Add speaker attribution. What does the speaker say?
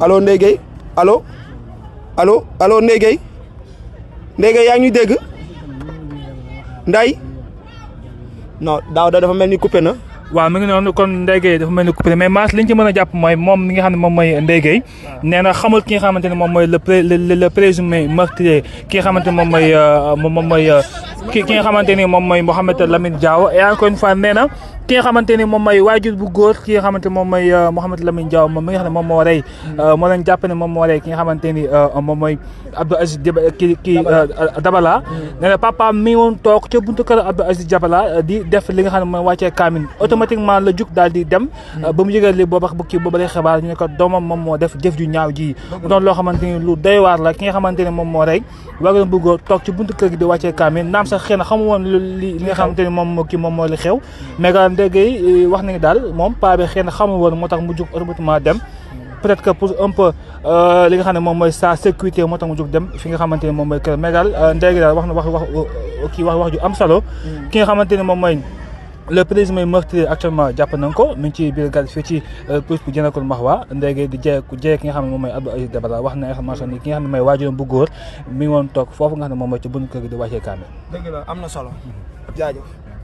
Speaker 1: alo Ndeye alo alo alo allo Ndeye yaa ngi ñuy dégg Nday non daaw
Speaker 2: dafa mel ni coupé na. waaw mi ngi noonu kon Ndeye Gueye dafa mel ni coupé mais Mass li ñu ci a jàpp mooy moom mi nga xam ne moom mooy Ndeye Gueye nee na xamul ki xamante ne moom mooy le le présumé xamante ne moom mooy euh, moom mooy euh, ki ki nga xamante ni moom mooy Mouhamed Lamine Diaw et encore une fois nee na ki nga xamante ni moom mooy waajur bu góor ki nga xamante moom mooy euh, Mouhamed Lamine Diaw moom mi nga xam ne moom moo rey hmm. moo leen jàpp ne mom moo rey ki nga xamante ni moom mooy Abdou Aziz ki ki Dabala hmm. nee na woon toog ca buntu kër Abdou Aziz Dabala di def li nga xam ne mooy wàccee kaamin hmm. automatiquement la jug daal di dem hmm. euh, ba mu yëgal li boobax bukki booba lay xibaar ñu ne ko doomam moom moo def jëf ju ñaaw ji mu doon loo xamante ni lu doy waar la ki nga xamante ne moom moo rey waagoon bu góor toog ci buntu kër gi di wàccee kaamil naam sax xëy na xamu woon lu li li nga xamante ni moom kii moom moo li xew hmm. mais ga ndéggey euh, wax nañu daal moom paa bi xëy na xamu woon moo tax mu jug automatiquement dem hmm. peut-être que pour un peu euh, li nga xam ne moom mooy sa sécurité moo tax mu jóg dem fi nga xamante ne moom mooy kër mais daal ndéegi daal wax na wax wax kii wax wax ju am solo ki nga xamante ne moom mooy le présumé meurtrier actuellement jàpp nañ ko mi ngi ci biir gàll fii ci euh, police bu Dieynakul Mahwa ndéegé ku jeye ki xam ne moom mooy wax na information ni ki nga xam ne mooy waajuram bu góor mi woon toog foofu nga xam ne moom mooy ci bunt kër di wàccee kaamil.
Speaker 1: na solo. Mhm. jaajëf.